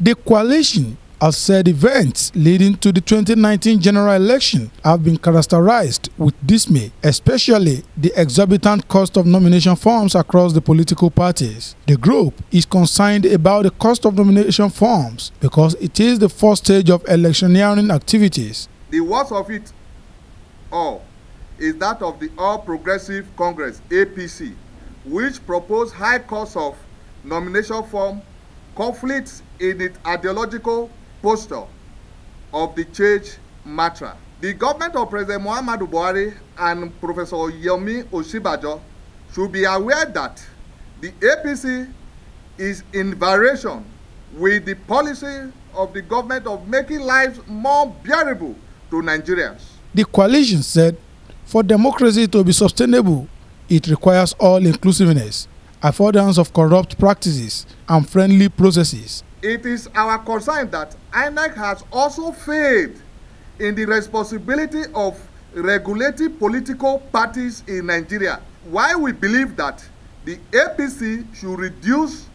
The coalition has said events leading to the 2019 general election have been characterized with dismay, especially the exorbitant cost of nomination forms across the political parties. The group is concerned about the cost of nomination forms because it is the first stage of electioneering activities. The worst of it all is that of the All Progressive Congress, APC, which proposed high cost of nomination form conflicts in its ideological posture of the church matter. The government of President Muhammadu Buhari and Professor Yomi Oshibajo should be aware that the APC is in variation with the policy of the government of making lives more bearable to Nigerians. The coalition said for democracy to be sustainable, it requires all inclusiveness affordance of corrupt practices and friendly processes. It is our concern that INEC has also failed in the responsibility of regulating political parties in Nigeria. Why we believe that the APC should reduce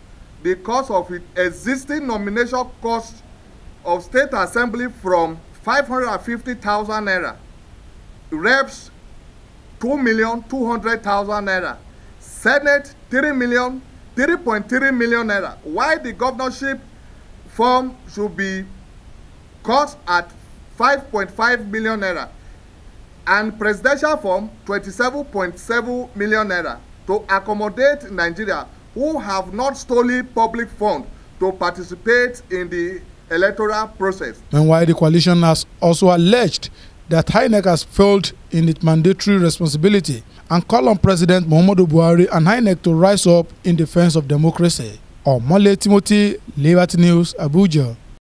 the cost of its existing nomination cost of state assembly from 550,000 naira, reps 2,200,000 naira, senate three million three point three million naira while the governorship form should be cut at five point five million naira and presidential form twenty-seven point seven million naira to accommodate nigeria who have not stolen public funds to participate in the electoral process. meanwhile the coalition has also alleged that INEC has failed in its mandatory responsibility and call on President Muhammadu Buhari and INEC to rise up in defense of democracy. Omole Timothy, Liberty News, Abuja.